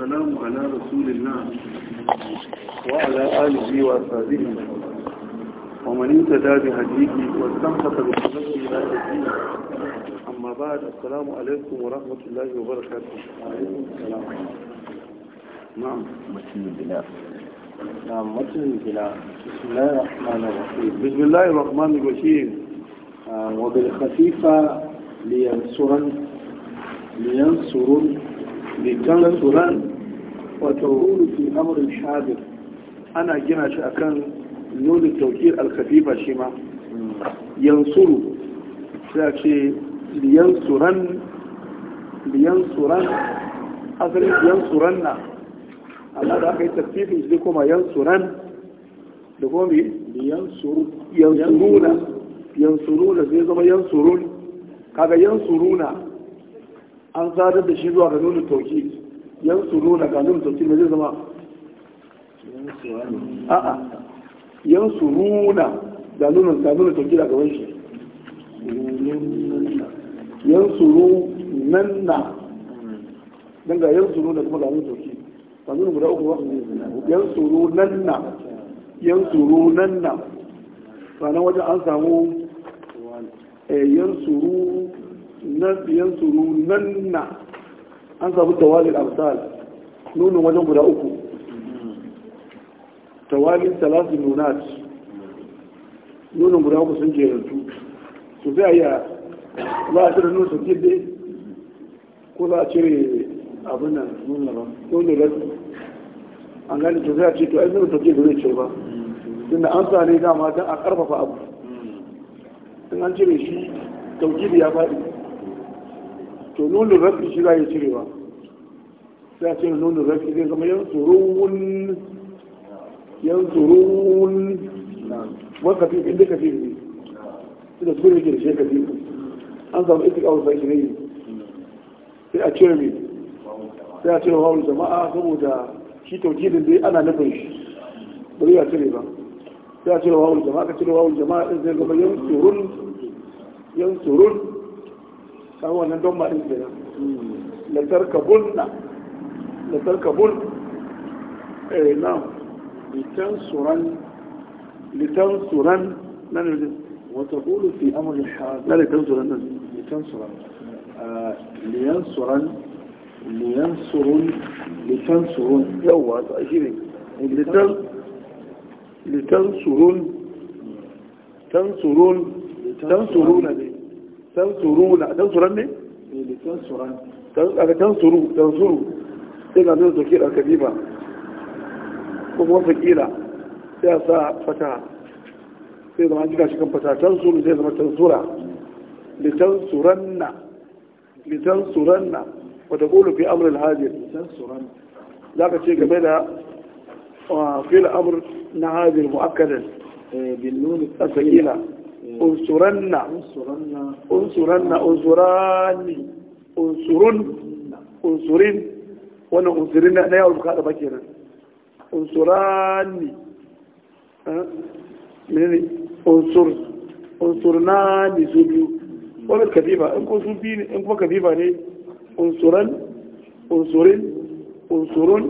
والسلام على رسول الله وعلى آله وأصحابه ومن اهتدى بهديه واستمسك بسنته إلى الدين أما بعد السلام عليكم ورحمة الله وبركاته وعليكم السلام نعم مسلم بالله نعم مسلم بالله بسم الله الرحمن الرحيم بسم الله الرحمن الرحيم آه، وبالخفيفة لينصرن لينصرن لتنصرن wato fi amrin shadir ana gina shi akan nunin taukir alkafifa shi ma yansuru sai ce liyansuran liyansuran asalin yansuran na amma da aka yi tafifin shi kuma yansuran da kuma mai yansuruna yansuruna zai zama yansurun kaga yansuruna an sadar da shi zuwa ga nunin taukir yansuru na kanun tafsir me zai zama a'a yansuru na kanun tafsir a gaban shi yansuru nan na dan ga yansuru da kuma kanun tafsir kanun guda uku ba yansuru nan na yansuru nan na ranar wajen an samu eh, yansuru nan na an samu tawalin amsal nunin wajen guda uku tawalin talatin nunat nunin guda uku sun jerantu to zai yi a za a cire nunin sakin dai ko za a cire abin nan ba rasu an gani to zai a ce to ainihin nunin sakin da zai ce ba tunda an sa ne dama don a karfafa abu sun hmm. an cire shi tauki ya faɗi to nunin rafi shi za a yi cirewa a ce rafi zai zama yan tsoron yan tsoron wata fi inda ne inda su ne ke an samu ita kawo sai ne sai a cire a cire jama'a saboda shi taujidin dai ana shi ba zai a cire ba sai a cire jama'a cire jama'a zai yan tsoron yan tsoron kan wannan don maɗin kenan la tarkabunna la eh na litansuran litansuran nan ne وتقول في أمر الحاضر لا لتنصرن لتنصرن آه لينصرن لينصرن لتنصرن يوى تأجيري لتن لتنصرن تنصرون تنصرون Eh, tansuru na ne? tansuru sai ga zai zoke sai a sa fata sai zama jika shi kan fata tansuru sai zama tansura wata fi amurin hajjir za ka ce game da fil amur na hajjir eh, bin nuni unsuranna unsuranna unsuranni, unsurun unsurin wannan unsurin na yawon buka da baki nan unsurani menene unsur unsurna su biyu wani kafifa in kuma sun biyu ne in kuma kafifa ne unsuran unsurin unsurun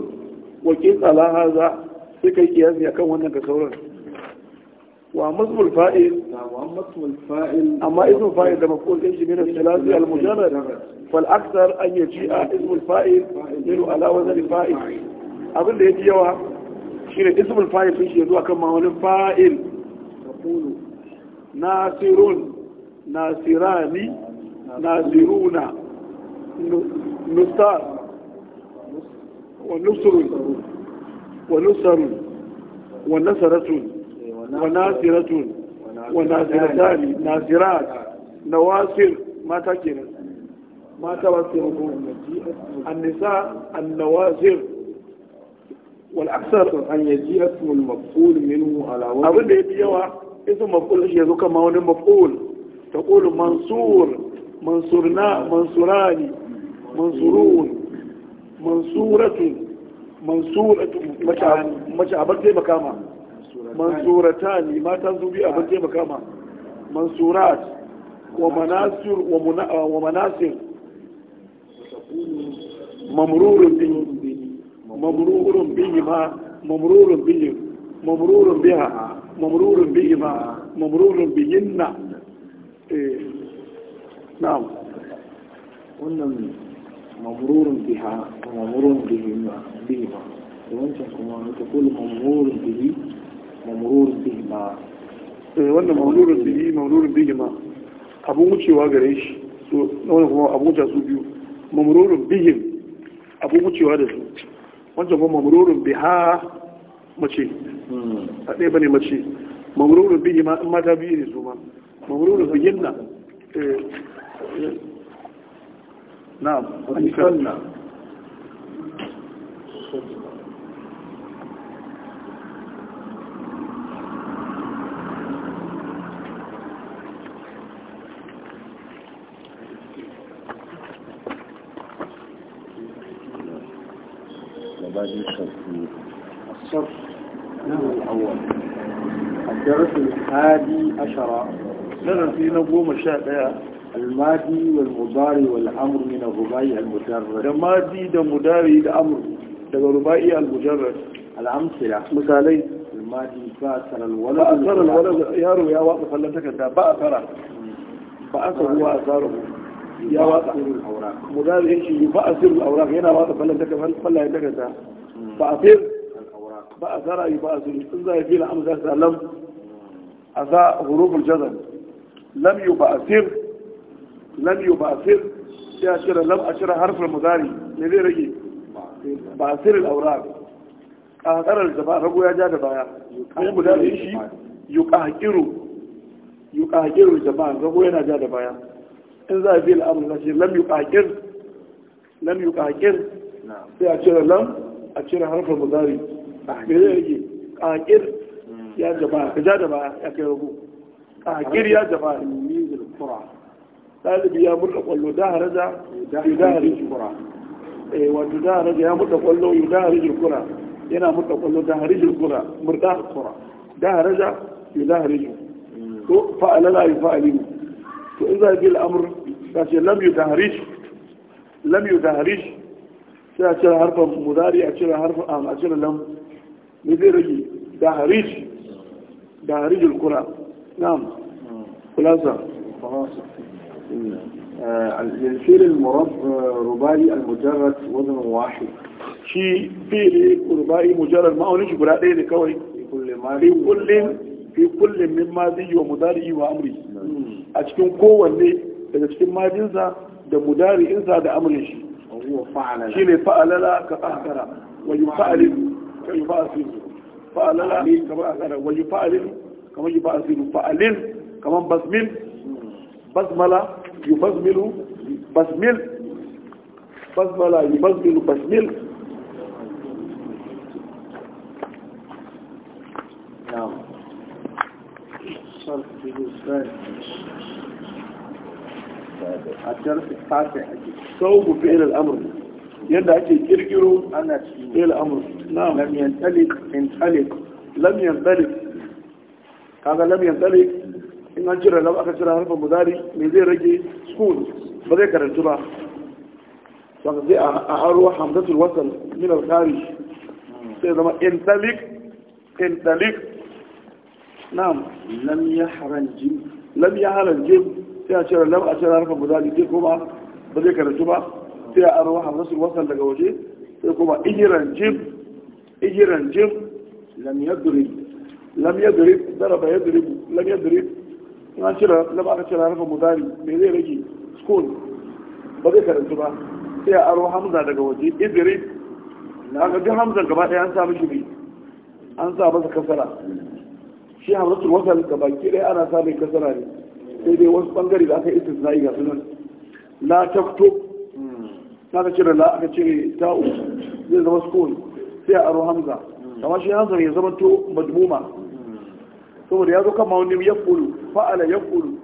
wakil ala haza sai kai kiyasi akan wannan ka sauran ومضم الفائل نعم، ومضم الفائل أما اسم الفائل لما يقول إيش من الثلاثي المجرد فالأكثر أن يجيء اسم الفائل من على وزن الفائل أقول لي يجيء يوا اسم الفائل فيش يدوى كما هو الفائل يقول ناصر ناصران ناصرون نصار ونصر ونصر ونصرة وناصرة وناصرتان ناصرات نواصر ماتا كينا ماتا واسرة النساء النواصر والأكثر أن يجي اسم المفعول منه على وجه أبدا يبيوا اسم مفعول شيء ذوك ما هو مفعول تقول منصور منصورنا منصوراني منصورون منصورة منصورة مش عبد زي مكامه mansuratani mata su biyu abin taimaka ma mansurat wa manasir mamrurun bihi mamrurun bihi ma mamrurun bihi mamrurun biha mamrurun bihi ma mamrurun bihinna eh, na'am wannan mamrurun biha mamrurun bihi ma bihi ma wancan kuma ta kullu mamrurun bihi mamururun bihima eh wannan mamururun bihi mamururun abun wucewa gare shi kuma abun wucewa su biyu mamururun abun wucewa da su kuma mamururun biha mace hmm. a ɗaya bane mace mamururun bihima in mata biyu ne su ma mamururun bihinna eh, eh, na'am an sanna ashara darasi na goma sha ɗaya almadi wal mudari rubai al mujarrad da madi da mudari da rubai al mujarrad al amsila ba taral wala ba yaro ya watsa kallon takarda ba a tara ba a saruwa a tsara ya watsa mudari yake ba a sirul awraq yana watsa kallon takarda ba a ba a ba a a za huruful jazar lam yi ba'asir lam ba'asir sai a cire lam a cire harfar muzari ne zai rage ba'asir al'aura a hakarar da ba ya ja da baya kuma muzari shi yuqaqiru yuqaqiru jama'a rago yana ja da baya in za a fi al'amur na ce lam yuqaqir lam yuqaqir sai a cire lam a cire harfar muzari ne zai rage qaqir يا جماعة يا جماعة يا كيروبو أكير آه، يا جماعة ميز القرى طالب يا مرد قلو ده رجع يده رجع القرى إيه وده رجع يا مرد قلو يده رجع القرى هنا مرد قلو ده رجع القرى مرد القرى ده رجع يده رجع فعل لا يفعلين فإذا جاء الأمر فاش لم يدهرش يا يدهرش فاش حرف يا اشير حرف ام اشير لم آه، مدير دهرش da harijul kura na'am kulasa الفيل المرب رباعي المجرد وزن واحد شيء فيل رباعي مجرد ما أولش برا إيه كوي كل ما في كل في كل من ماضي ومضاري وأمري أشكون قوة لي إذا أشكون ما جنسا ده مضاري إنسا ده أمري شيء هو فعل شيء فعل لا كأحكرا ويفعل كيفعل فيه fa'alala alayhi kamar asara wa yufa'alil kamar yufa'alil fa'alil kamar basmil basmala yubasmilu basmil basmala yubasmilu basmil نعم صرف جزء ثاني الدرس التاسع ثوب فعل الأمر yadda ake kirkiro ana cikin al'amur lam yantalik intalik lam yantalik kaga lam talik, in an cire lam aka cire harfa mudari me zai rage school ba zai karantu ba saka zai a haro hamzatul wasan min al sai zama intalik intalik na'am lam yahran jim lam yahran jim sai a cire lam a cire harfa mudari zai koma ba zai karantu ba sai a aro hamzatul wasan daga waje sai kuma igiran jib igiran jib lam yadrib lam yadrib daraba yadrib lam yadrib in an cira lam aka cira harfa mudari me zai rage school ba zai karantu ba sai a ruwa hamza daga waje idrib na ga bi Hamza gaba ɗaya an sa mishi an sa masa kasara shi hamzatul wasan gaba ki ɗaya ana sa mai kasara ne sai dai wasu bangare da aka yi istisna'i ga sunan Na taktub na ka cire la aka cire ta'u zai zama school sai a aro hamza amma shi hamza ya zama to madmuma saboda ya zo kan mawani ya kulu fa'ala ya kulu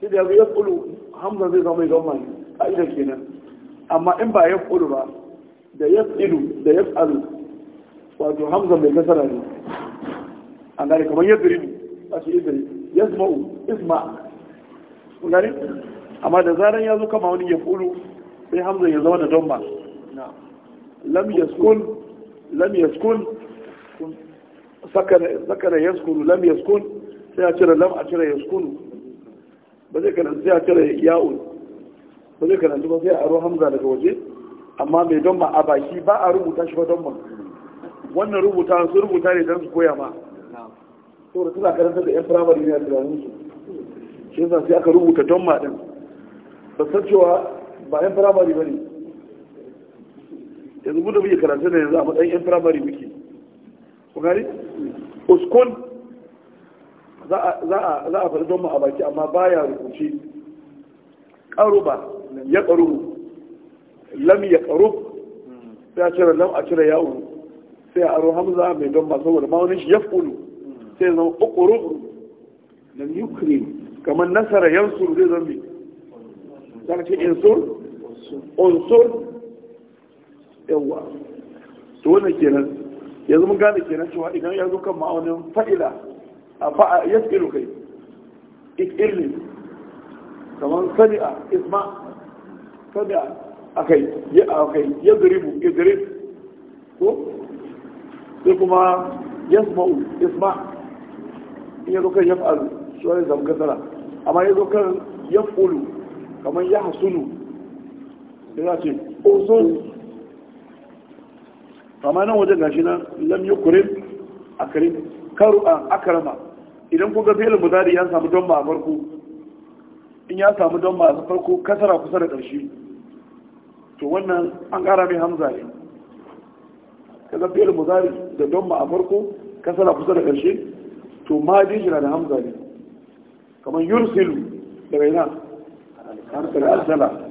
sai da ya zo ya kulu hamza zai zama mai a idan kenan amma in ba ya kulu ba da ya tsilu da ya tsalu wato hamza mai kasara ne an gane kamar ya zuri a ce izini ya zma'u isma gani amma da zaran ya zo kan ma'aunin ya kulu sai hamza ya zama da domma lam yaskun lam yaskun sakana yaskun lam yaskun sai a cire lam a cire yaskun ba zai karanta sai a cire ya'un ba zai karanta ba sai a aro hamza daga waje amma mai domma a baki ba a rubuta shi ba domma wannan rubuta su rubuta ne don su koya ma saboda suna karanta da yan firamare ne a tunaninsu shi yasa sai aka rubuta domma din ba san cewa ba yan firamare ba ne yanzu mu da karatu da yanzu a matsayin yan firamare muke ku gani uskun za a faɗi don mu a baki amma baya rubuce ba ya ƙarubu lam ya ƙarub sai a cire lam a cire yawo sai a aro hamza mai don ba saboda wani shi ya fulu sai zama ƙoƙoro na ukraine kamar nasara yansu zai zambi za cikin insur unsur yawa to wannan kenan yanzu mun gane kenan cewa idan ya zo kan ma'aunin fa'ila a fa'a ya tsiru kai ikirni kamar a isma a kai ya kai, ya zuribu ya zurib ko sai kuma yasma'u isma in ya zo kan yaf'alu shi wani zamgazara amma ya zo kan yaf'ulu kamar ya hasunu sai za ce ozon amma wajen gashi nan lam yi kurin karu akarama idan ga fi'il mudari ya samu don ma a farko in ya samu don ma a farko kasara kusa da ƙarshe to wannan an ƙara mai hamza ne kaga fi'il mudari da don ma a farko kasara kusa da ƙarshe to ma din shi na da hamza ne kamar yursilu daga ina al sala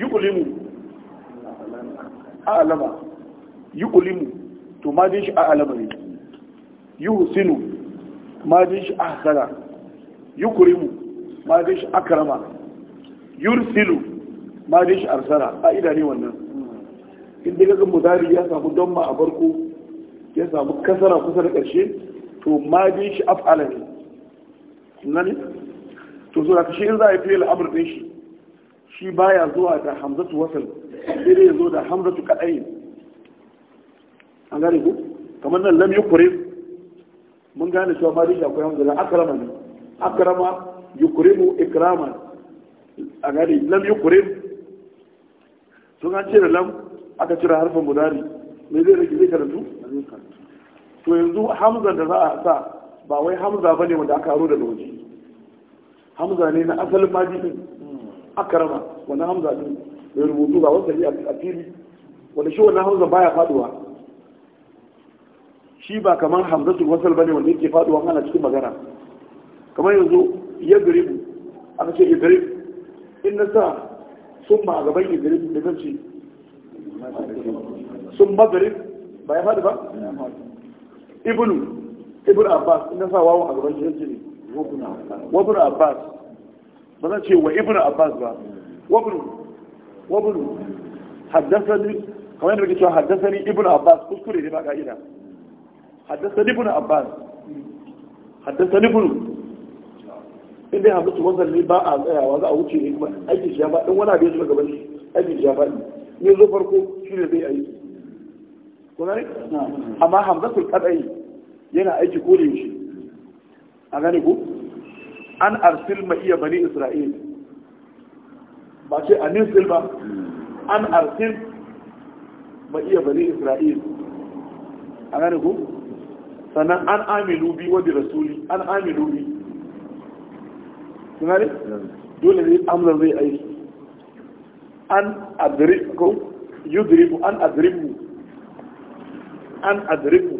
yuqlimu a'lama yuqlimu to ma din shi a'lama ne yuhsinu ma din shi ahsana yukrimu ma din shi akrama yursilu ma din shi arsala ka'ida ne wannan in daga kan mudari ya samu damma a farko ya samu kasara kusa da ƙarshe to ma din shi af'ala ne to so da shi in za a yi fiye al'amur ɗin shi shi baya zuwa da hamzatu wasal sai ya zo da hamzatu kadai an gane ku kamar nan lam yukrim mun gane cewa ma dinka akwai hamzatu akrama ne akrama yukrimu ikrama a gane lam yukrim sun an cire lam aka cire harfin mudari me zai rage zai karatu to yanzu hamza da za a sa ba wai hamza bane wanda aka aro da waje hamza ne na asalin majidin Akarama, wannan hamza din mai rubutu ba wanda ya a fili wanda shi wannan hamza baya faduwa shi ba kamar hamzatul wasal bane wanda yake faduwa ana cikin magana kamar yanzu ya garibu aka ce idrib in na sa sun ma a gaban idrib da zan ce sun magrib ba ya faɗi ba ibnu ibnu abbas in na sa wawan a gaban shi zan ce wabun abbas ba zan ce wa ibn abbas ba wabnu wabnu haddasani kamar yadda cewa haddasani ibn abbas kuskure ne ba ka'ida haddasani ibn abbas haddasani ibn in dai hamdu tuwon ne ba a tsayawa za a wuce ne kuma aiki shi ya faɗi wani abin shiga gaban shi aiki shi ya ba ne zo farko shi ne zai aiki kuna ne amma hamzatul kadai yana aiki ko da a gane ko an arsil ma iya bani isra'il ba ce an nirsil ba an arsil ma iya bani isra'il a gani ku sannan an amilu bi wadda rasuli an aminu bi sunari dole ne amzar zai aiki an adiriku ko yudribu an adiriku an adribu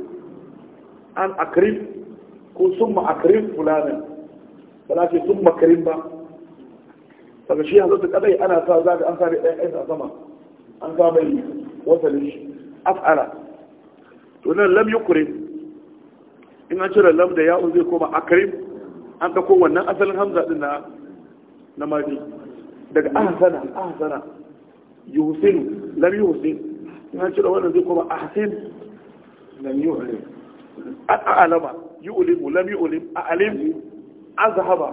an akrib ko ma akrib fulanin ba ce sun makarin ba daga shi yanzu kadai ana sa za an sare ɗayan ɗayan a sama an sa mai wasalin shi af'ala to nan lam yukrim in an cire lam da ya'un zai koma akrim an ka wannan asalin hamza din na na madi daga ahsana ahsana yuhsin lam yuhsin in an cire wannan zai koma ahsin lam yuhsin alama yu'limu lam yu'lim a'lim azhaba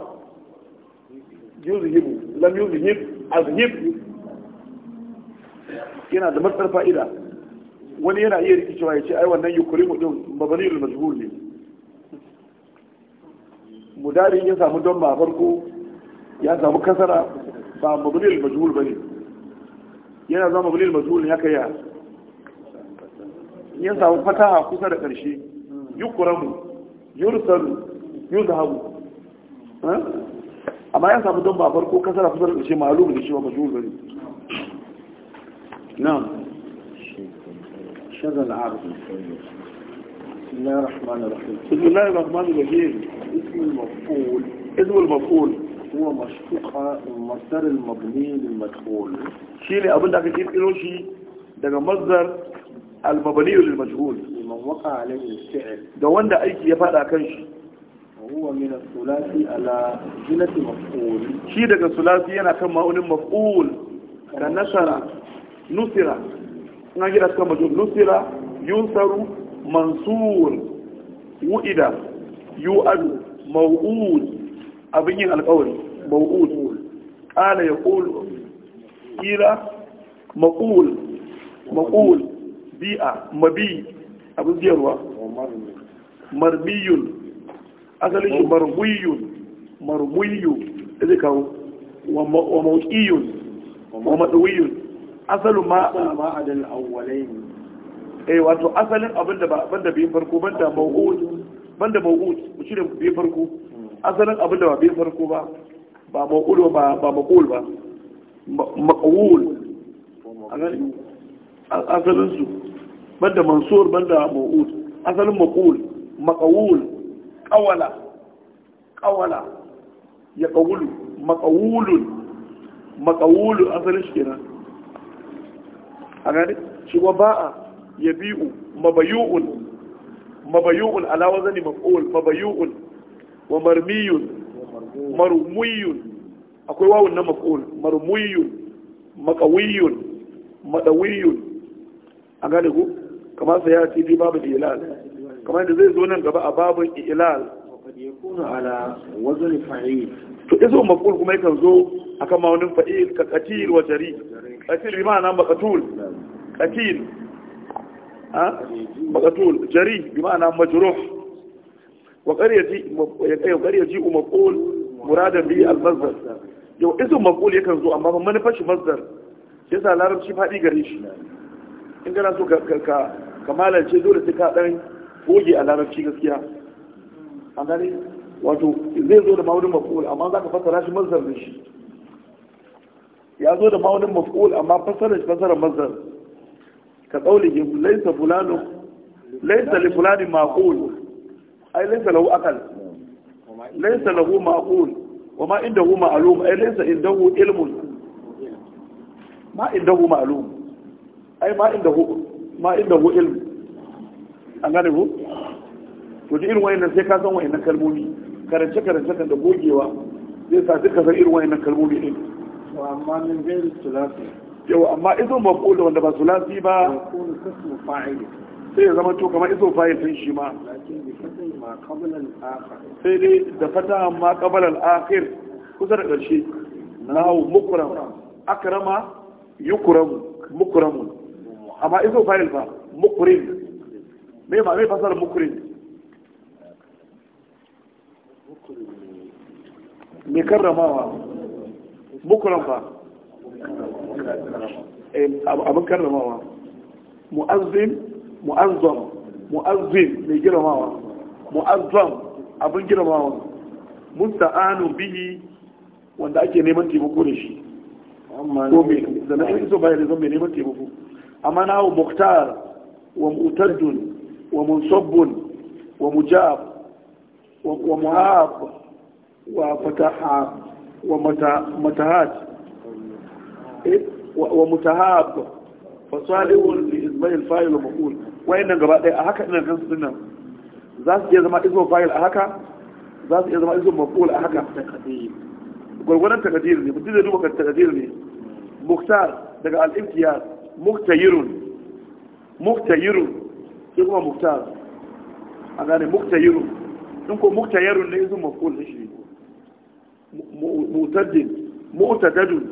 yuzhibu lam yuzhib azhib yana da matsar fa'ida wani yana iya rikicewa ya ce ai wannan yukurimu din mabanil majhul ne mudari ya samu don ba farko ya samu kasara ba mabanil majhul bane yana zama mabanil majhul ne haka ya ya samu fataha kusa da karshe yukramu yursalu yuzhabu أما يا صاحب don ba farko kasara شيء معلوم اللي ma'alum مجهول shi نعم شذا العرض شغل بسم الله الرحمن الرحيم بسم الله الرحمن الرحيم اسم المفعول اسم المفعول هو مشتق مصدر المبني للمجهول اللي اقول لك كيف له شيء ده مصدر المبني للمجهول لمن وقع عليه الفعل ده وين ده يا فدا كان شي shi daga sulasi yana kan ma'unin maf'ul da nasara nusira na gida suka majul nusira yunsaru mansur wu'ida yu'adu maw'ud abin yin alƙawari maw'ud qala yaqulu qila maqul maqul bi'a mabi abin biyarwa marmiyun asalin shi marwiyun marwiyu ɗaya kawo wa mawqiyun wa madwiyun asalin ma ma adal awwalain eh wato asalin abinda ba farko banda mawqud banda mawqud shi da bi farko asalin abinda ba bi farko ba ba mawqud ba ba ba maqul asalin su banda mansur banda mawqud asalin maqul maqul Ƙawala, ƙawala, ya qawulu maqawulun maqawulu asalin shi kenan a gani shi wa ya biyu mabayu'un mabayu'un ala zane maf'ul mabayu'un wa marmiyun marmuyun akwai wawun na maf'ul marmuyun maqawiyun madawiyun a gane ku kamar sa ya ce babu lalata kamar da zai zo nan gaba a babun ilal to iso maf'ul kuma yakan zo akan maunin fa'il ka qatil wa jari qatil bi ma'ana makatul qatil ha makatul jari bi ma'ana majruh wa qaryati ya u maf'ul muradan bi al-mazdar yau iso maf'ul yakan zo amma manufar shi mazdar yasa larabci fadi gare shi in kana so ka ka kamalance dole sai ka dan Boge, a larabci gaskiya an gane wato zai zo da ma'aunin maf'ul amma za ka fasara shi mazhar da shi ya zo da ma'aunin maf'ul amma fasara shi fasara mazhar ka tsaule ke laisa fulano laisa li fulani ma'qul ai laisa lahu akal laisa lahu ma'qul wa ma indahu ma'lum ai laisa indahu ilmun ma indahu ma'lum ai ma indahu ma indahu ilmun an gane ko to duk irin wayannan sai ka san wayannan kalmomi karance karance kan da gogewa zai sa duka san irin wayannan kalmomi din to amma min gairi sulasi yau amma izo maf'ul wanda ba sulasi ba yakunu kasmu fa'il sai ya zama to kamar izo fa'il din shi ma sai dai da fata amma qabala al-akhir kusa da karshe nahu mukram akrama yukramu mukramun amma izo fa'il ba mukrim me ba mai fasar mukrin mai karramawa mukran ba eh, abin karramawa mu'azzin mu'azzam mu'azzin mai girmawa mu'azzam abin musta musta'anu bihi wanda ake neman taimako da shi ko mai zanayin iso bayan zan mai neman taimako amma na hau muktar wa mu'taddun ومنصب ومجاب ومهاب وفتحاب ومتهات ومتهاب فصالح لإزماء الفايل ومقول وإن نقرأ لي أهكا إن الجنس لنا ذات إذا ما إزم فايل أهكا ذات إذا ما إزم مقول أهكا gwargwadon takadir تقديرني mutum zai duba مختار دقاء ne muktar daga al'imtiyar sai kuma mukta a gane mukta muktayiru in ko mukta muktayarun ne izin maful ne shi mutaddin mutadadun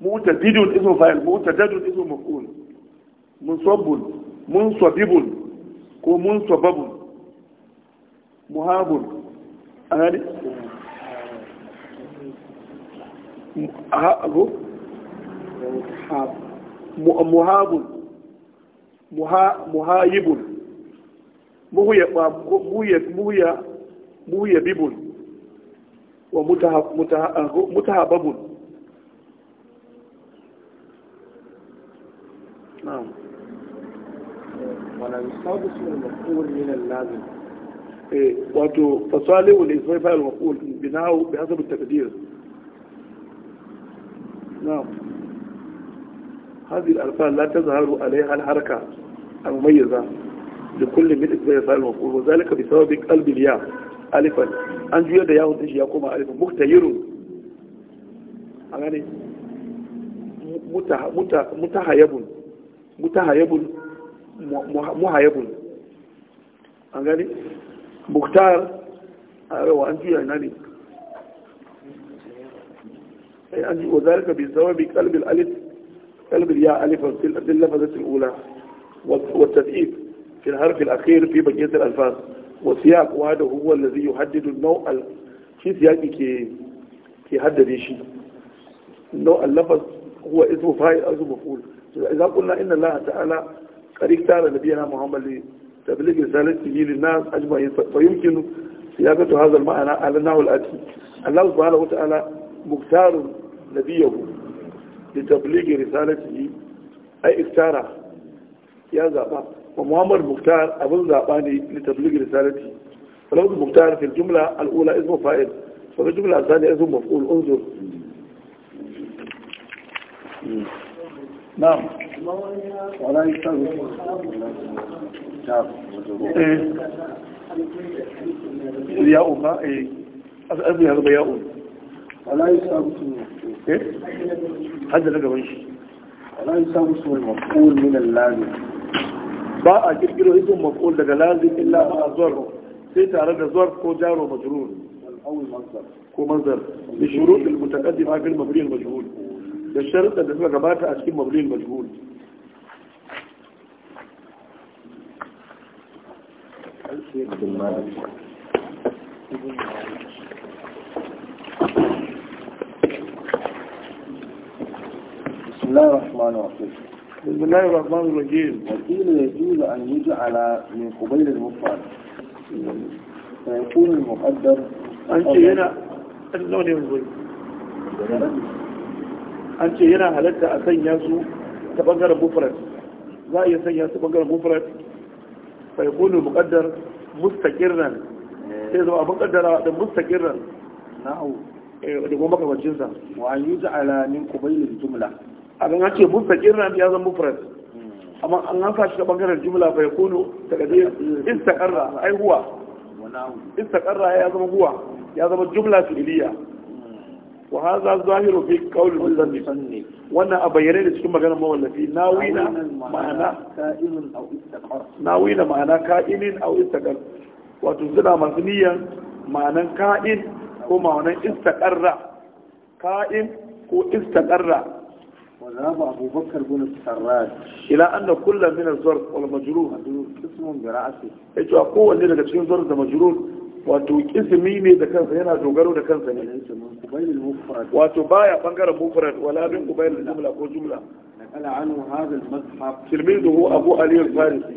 mutadidun izin fa'il mutadadun mun maful mun munsabibun ko mun munsababun muhabun a gane muhabun مهايب مهي مهي مهي مهي بيبون ومتهب أه متهب نعم ولا يصادف المفعول من اللازم ايه نعم هذه الألفان لا تظهر عليها الحركة المميزة لكل من إسباب فعل المفعول وذلك بسبب قلب الياء ألفا أن جيد ياء تجي يقوم ألفا مختير أغاني متهيب متهيب مهيب أغاني مختار وأن جيد ناني وذلك بسبب قلب الألف قلب الياء ألفا في اللفظة الأولى والتدقيق في الحرف الأخير في بقية الألفاظ والسياق وهذا هو الذي يحدد النوع في سياق كي يحدد شيء النوع اللفظ هو اسم فاعل أو اسم مفعول إذا قلنا إن الله تعالى قد اختار نبينا محمد لتبليغ رسالته للناس أجمعين فيمكن سياقة هذا المعنى على النحو الآتي الله سبحانه وتعالى مختار نبيه لتبليغ رسالته أي اختاره ya zaɓa wa muhammad muktar abin zaɓa ne litablig risalati falawar muktar fil jumla al'ula ismu fa'il wa fil jumla sani ismu maf'ul unzur na'am wala yastawi eh ya uba eh asabi harba ya uba wala yastawi eh hadda daga wani wala yastawi ismu maf'ul min al-lazim ba a kirkiro ismin maf'ul daga lazim illa ma zarf sai tare da zarf ko jaro majrur ko mazhar bi shurut al mutaqaddima fil mabni al majhul da sharuɗa da suka gabata a cikin mabni al majhul بسم الله الرحمن الرحيم بسم الله الرحمن الرحيم وكيف يجوز أن يجعل من قبيل المفرد فيكون المقدر أنت هنا اللون ينظر أنت هنا هلت أسيا سوء تبقر مفرد لا يسيا تبقر مفرد فيكون المقدر مستقرا إذا مقدر مستقرا نعم إيه، وعن يجعل من قبيل الجملة a ga ake mustaqir na ya zama mufrad amma an an sa shi ta bangaren jumla fa yakunu taqdir istaqarra ai huwa istaqarra ya zama huwa ya zama jumla fi'liya wa hadha zahiru fi qawli al-musannif wannan a bayyane da cikin maganar mawallafi nawina ma'ana ka'ilun aw istaqar nawina ma'ana ka'ilin aw istaqar wato suna masu niyyar ma'anan ka'in ko ma'anan istakarra ka'in ko istakarra. وذهب أبو بكر بن السراج إلى أن كل من الظرف والمجرور اسم برأسه إيش أقوى أن لك شيء ظرف مجرور wato ismi ne da kansa yana dogaro da kansa ne wato baya bangaren mufrad wala bin kubail jumla ko jumla نقل عنه هذا المصحف تلميذه أبو علي الفارسي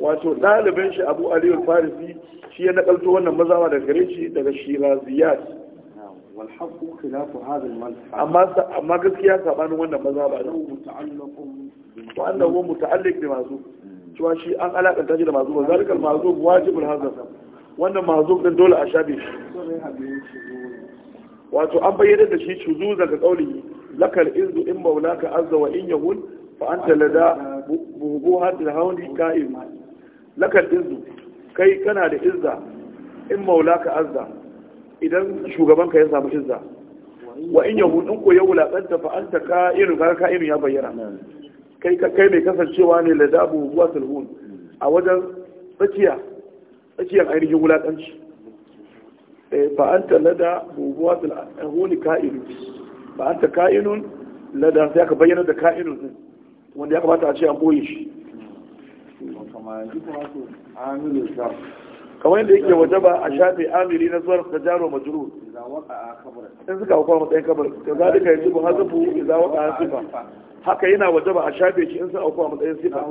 wato ɗalibin shi abu aliyu farisi shi ya nakalto wannan mazawa daga gare daga shiraziyat والحق خلاف هذا المذهب أما أما قلت يا سبحان وانا مذهب متعلق وأنه هو متعلق بمعزوب شو شيء أن ألا أن تجد معزوب المعزوب واجب هذا وأن معزوب من دولة أشابه wato an bayyana da shi shuzu daga kauli lakar izu in ka azza wa in yahun fa anta lada buhu hadil hauni ka'im lakar izu kai kana da izza in ka azza idan shugabanka ya samu izza wa in yahu in ko ya wulakanta fa anta ka irin ka ka irin ya bayyana kai kai mai kasancewa ne la dabu wa sulhun a wajen tsakiya tsakiyar ainihin wulakanci eh, fa anta lada bubuwa sulhun ka'inu fa anta ka'inun lada sai ka bayyana da ka'inun din wanda ya kamata a ce an boye shi kamar yadda yake waje ba a shafe amiri na zuwar jaro majuru in suka hukwa matsayin kabar ka za duka yanzu ba bu ya za waka an sifa haka yana waje ba a shafe shi in suka hukwa matsayin sifa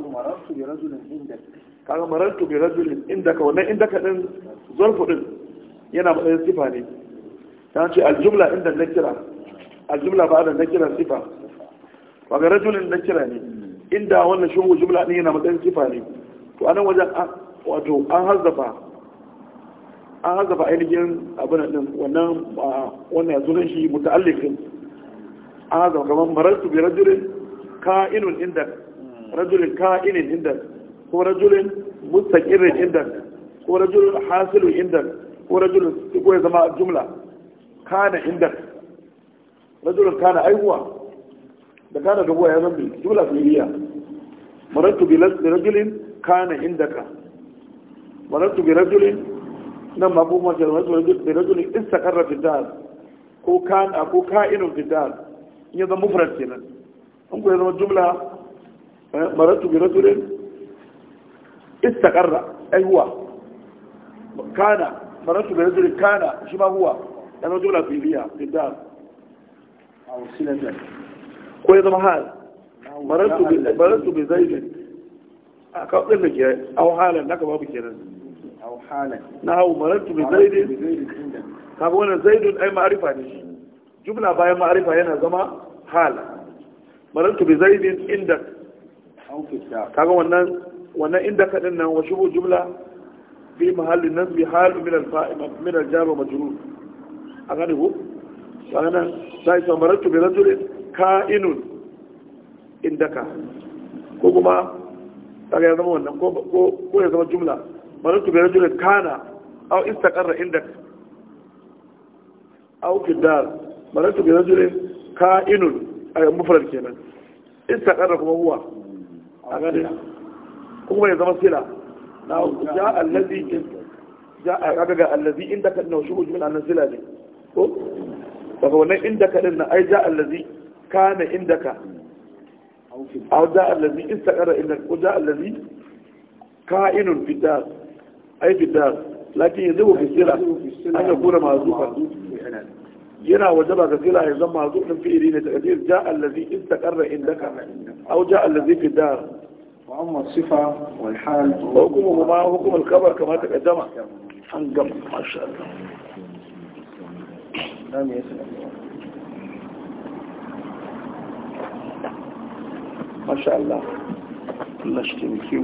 kaga marantu bi rajulin ka wannan ka din zurfu din yana matsayin sifa ne ta ce aljumla inda kira, aljumla ba da na kira sifa kaga rajulin kira ne inda wannan shugo jumla din yana matsayin sifa ne to anan wajen wato an hazzafa an ba ainihin abin ɗin, wannan wannan yanzu nan shi muta'alliq din an hazafa kamar marasu bi rajulin ka'inun indak rajulin ka'inin indak ko rajulin mustaqirrin indak ko rajulin hasilu indak ko rajulin ko ya zama jumla kana indak rajulin kana aihuwa da kana gabuwa ya zama jumla fi'liya marasu bi rajulin kana indaka marasu bi rajulin nan ma kuma da rajulun istakarra fi dal ko kana ko ka'inun fi dal in ya zama mufrad kenan in ku ya zama jumla eh, maratu bi rajulin istakarra ai huwa kana maratu bi rajulin kana shi ma huwa ya zama jumla filiya fi dal a wasilatan ko ya zama hal maratu bi zaidin a kawai da ke au halan ka babu kenan na hau marartu bi zaidin kaga wani zaidun ai ma'arifa ne jumla bayan ma'arifa yana zama hala marantu bi zaidin inda kaga wannan inda kadin nan wa shubu jumla fi mahallin nasbi halu min al-fa'il min al-jar wa majrur a gane ko sanan sai sa marartu bi rajulin ka'inun indaka ko kuma kaga ya zama wannan ko ya zama jumla marar tubi rajulun kana au istakarra inda au kiddar marar tubi rajulun ka'inun a mufrar kenan istakarra kuma huwa a gani kuma ya zama sila na ja allazi ja a ga allazi inda ka na shi ujmin annan sila ne ko daga wannan inda ka din na ai ja allazi kana inda ka au ja allazi istakarra inda ko ja allazi ka'inun fi dar أي بالذات لكن يذوب في السلة أن يكون معذوبا ينا وجب كثيرا يزم معذوبا في إيرينة كثير جاء الذي استقر عندك أو جاء الذي في الدار وأما الصفة والحال وحكمه ما حكم الخبر كما تقدم أنقم ما شاء الله نعم يا ما شاء الله الله يشتمك فيه